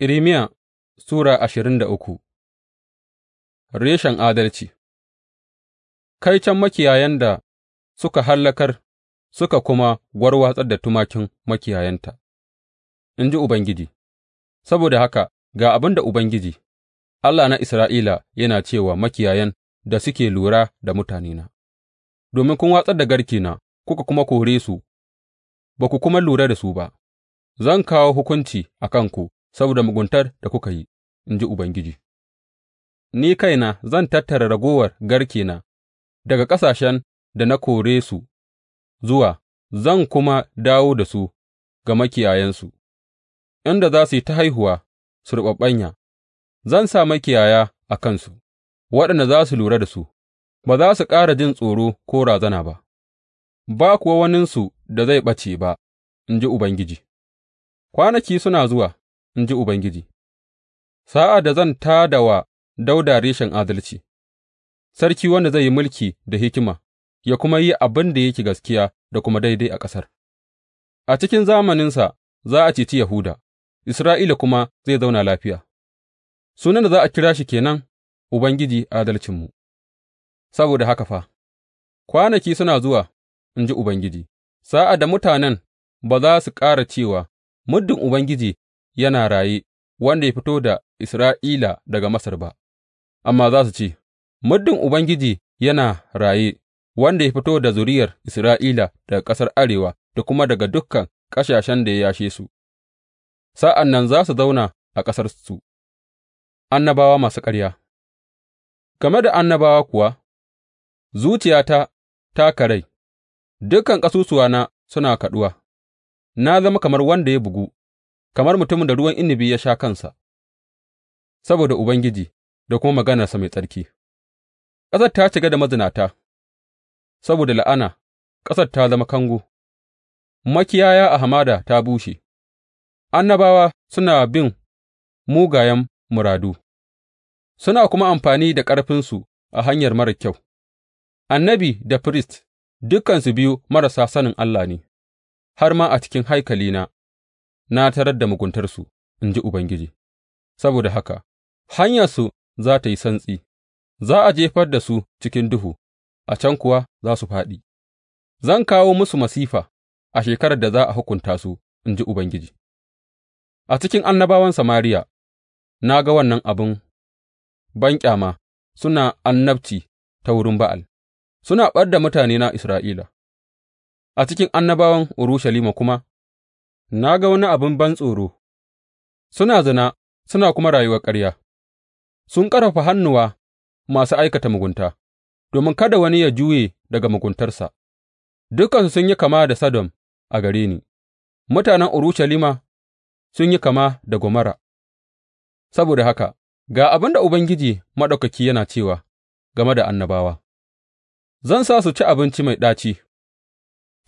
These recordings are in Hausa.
Irmiya Sura ashirin da uku Reshen adalci can makiyayan da suka hallakar suka kuma warwatsar da tumakin makiyayanta, in ji Ubangiji, saboda haka ga abin da Ubangiji, Allah na Isra'ila yana cewa makiyayan da suke lura da mutanena, Domin kun watsar da na, kuka kuma kore su, ba ku kuma lura da su ba, zan kawo hukunci a kanku. saboda muguntar da kuka yi, in ji Ubangiji, ni kaina zan tattara ragowar garkena daga ƙasashen da na kore su zuwa, zan kuma dawo da su ga makiyayansu, inda za su yi ta haihuwa su riɓaɓɓanya, zan sa makiyaya a kansu, waɗanda za su lura da su, ba za su ƙara jin tsoro ko razana ba. ba kuwa waninsu da zai ɓace ba, in ji Ubangiji, kwanaki suna zuwa, in ji Ubangiji, sa'ad da zan tā da wa Dauda reshen adalci, sarki wanda zai yi mulki da hikima, ya kuma yi abin da yake gaskiya da kuma daidai a ƙasar. A cikin zamaninsa za a ceci Yahuda, Isra'ila kuma zai zauna lafiya. Sunan da za a kira shi kenan Ubangiji adalcinmu. Saboda haka fa, kwanaki suna zuwa, in ji Ubangiji, sa'ad da mutanen ba za su ƙara cewa, Muddin Ubangiji yana raye, wanda ya fito da Isra'ila daga Masar ba, amma za su ce, Muddin Ubangiji yana raye, wanda ya fito da zuriyar Isra'ila daga ƙasar arewa da kuma daga dukan ƙasashen da ya yashe su, sa'an nan za su zauna a ƙasarsu, annabawa masu ƙarya. Game da annabawa kuwa, zuciyata ta karai, dukan ƙasusuwana suna kaɗuwa, na zama kamar wanda ya bugu, kamar mutumin da ruwan inabi ya sha kansa saboda Ubangiji da kuma maganarsa mai tsarki, ƙasar ta cika da mazinata, saboda la'ana ƙasar ta zama kango, makiyaya a hamada ta bushe, annabawa suna bin mugayen muradu, suna kuma amfani da ƙarfinsu a hanyar mara kyau, annabi da firist dukansu biyu marasa sanin Allah ne, har ma a cikin haikalina na tarar da muguntarsu, in ji Ubangiji, saboda haka hanyarsu za tă yi santsi, za a jefar da su cikin duhu, a can kuwa za su fāɗi. Zan kawo musu masifa a shekarar da za a hukunta su, in ji Ubangiji. A cikin annabawan Samariya na ga wannan abin banƙyama suna annabci ta wurin Ba'al, suna ɓar da na Isra'ila, a cikin annabawan Urushalima kuma na ga wani abin bantsoro, suna zina suna kuma rayuwar ƙarya, sun ƙarfafa hannuwa masu aikata mugunta, domin kada wani ya juye daga muguntarsa, dukansu sun yi kama da Sodom a gare ni, mutanen Urushalima sun yi kama da Gomorrah. Saboda haka, ga abin da Ubangiji Maɗaukaki yana cewa game da annabawa, Zan sa su ci abinci mai ɗaci,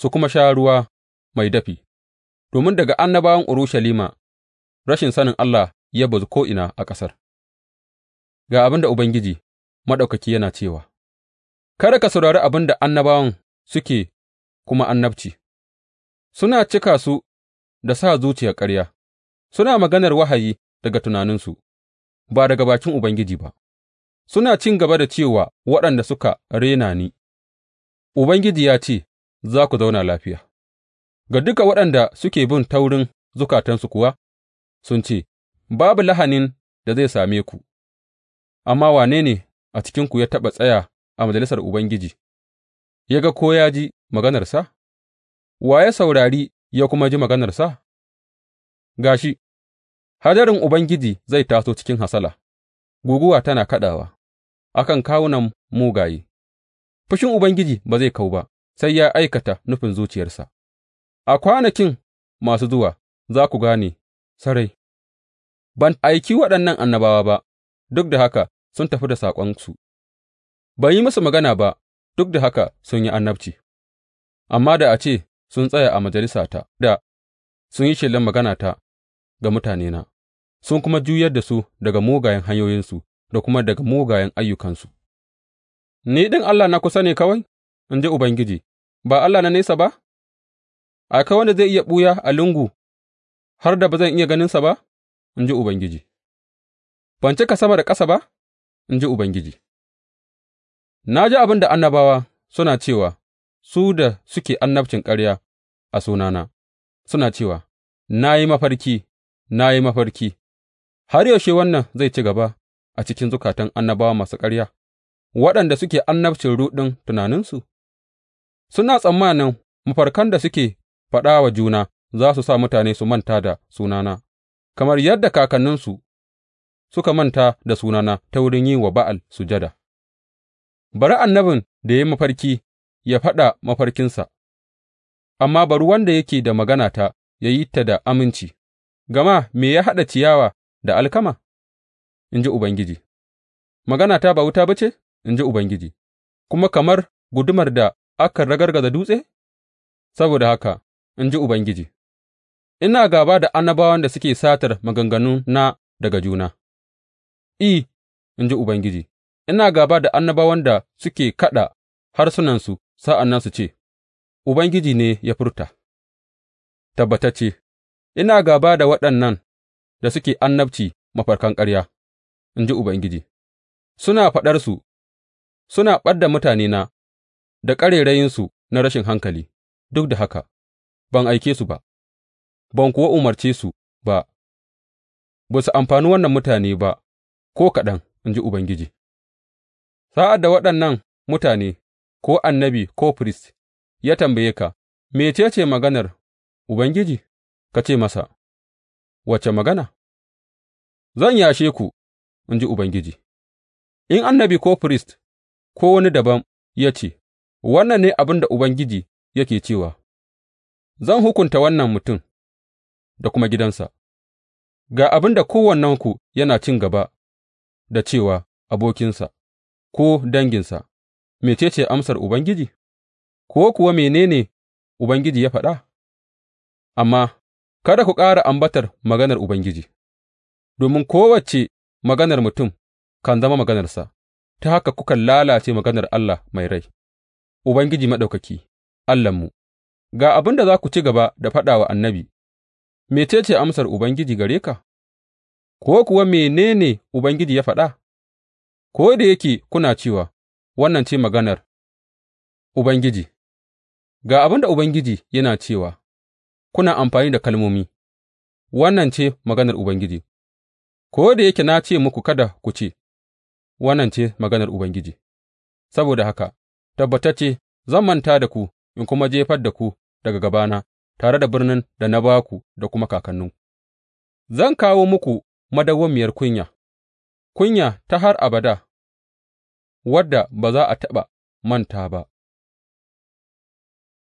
su kuma sha ruwa mai dafi. Domin daga annabawan Urushalima rashin sanin Allah ya bazu ko'ina a ƙasar Ga abin da Ubangiji Maɗaukaki yana cewa, Kada ka saurari abin da annabawan suke kuma annabci, suna cika su da sa zuciya ƙarya, suna maganar wahayi daga tunaninsu, ba daga bakin Ubangiji ba, suna cin gaba da cewa waɗanda suka rena ni, Ubangiji ya ce, Za ku zauna lafiya.’ Ga duka waɗanda suke bin taurin zukatansu kuwa, sun ce, Babu lahanin da zai same ku, amma wane ne a cikinku ya taɓa tsaya a majalisar Ubangiji ya ga ko ya ji maganarsa, wa ya saurari ya kuma ji maganarsa? Ga shi, hadarin Ubangiji zai taso cikin hasala, guguwa tana kaɗawa Akan kan kawunan mugaye; fushin Ubangiji ba zai kau ba sai ya aikata nufin zuciyarsa. A kwanakin masu zuwa za ku gane sarai, ban aiki waɗannan annabawa ba, duk da haka sun tafi da saƙonsu; ban yi musu magana ba, duk da haka sun yi annabci, amma da a ce sun tsaya a majalisata da sun yi magana maganata ga mutanena sun kuma juyar da su daga mugayen hanyoyinsu da kuma daga mugayen ayyukansu, ni ɗin Allah na kusa ne kawai, in ji Ubangiji, ba Allah na nesa ba? Akwai wanda zai iya ɓuya a lungu har da ba zan iya ganinsa ba, in ji Ubangiji, ban cika sama da ƙasa ba, in ji Ubangiji, na ji abin da annabawa suna cewa su da suke annabcin ƙarya a sunana, suna cewa, Na yi mafarki, na yi mafarki, har yaushe wannan zai ci gaba a cikin zukatan annabawa masu ƙarya, waɗanda suke annabcin ruɗin tunaninsu? Suna tsammanin mafarkan da suke faɗa wa juna za su sa mutane su manta da sunana, kamar yadda kakanninsu suka manta da sunana ta wurin yin wa Ba'al sujada, bari annabin da ya yi mafarki ya faɗa mafarkinsa, amma bari wanda yake da maganata ya yi ta da aminci, gama me ya haɗa ciyawa da alkama? in ji Ubangiji. Maganata ba wuta ba ce, in ji Ubangiji, kuma kamar gudumar da akan ragargaza dutse? Saboda haka in ji Ubangiji, ina gāba da annabawan da suke satar maganganuna daga juna, I, in ji Ubangiji, ina gāba da annabawan da suke kaɗa harsunansu sa'an nan su ce, Ubangiji ne ya furta, tabbatacce, ina gāba da waɗannan da suke annabci mafarkan ƙarya, in ji Ubangiji, suna faɗarsu, suna ɓadda mutanena da ƙarairayinsu na rashin hankali, duk da haka Ban aike su ba, ban kuwa umarce su ba; ba su amfani wannan mutane ba ko kaɗan, in ji Ubangiji, sa'ad da waɗannan mutane, ko annabi ko firist, ya tambaye ka, Mece ce maganar Ubangiji?’ ka ce masa, Wace magana? Zan yashe ku, in ji Ubangiji, in annabi ko firist ko wani dabam ya ce, Wannan ne abin da Ubangiji yake cewa,’ Zan hukunta wannan mutum da kuma gidansa ga abin da kowannenku yana cin gaba da cewa abokinsa ko danginsa, Mece ce amsar Ubangiji, ko kuwa mene ne Ubangiji ya faɗa? Amma kada ku ƙara ambatar maganar Ubangiji, domin kowace maganar mutum kan zama maganarsa, ta haka kukan lalace maganar Allah mai rai, Ubangiji Maɗaukaki, Allahnmu. Ga abin da za ku ci gaba da faɗa wa annabi, Mece ce amsar Ubangiji gare ka, ko kuwa mene ne Ubangiji ya faɗa, ko da yake kuna cewa, Wannan ce maganar Ubangiji, ga abin da Ubangiji yana cewa, kuna amfani da kalmomi, Wannan ce maganar Ubangiji, ko da yake na ce muku kada ku ce, Wannan ce maganar Ubangiji, saboda haka, tabbatacce zan manta da ku in kuma jefar da ku daga gabana tare da birnin da na ba ku da kuma kakanninku, zan kawo muku madawwamiyar kunya, kunya ta har abada, wadda ba za a taɓa manta ba.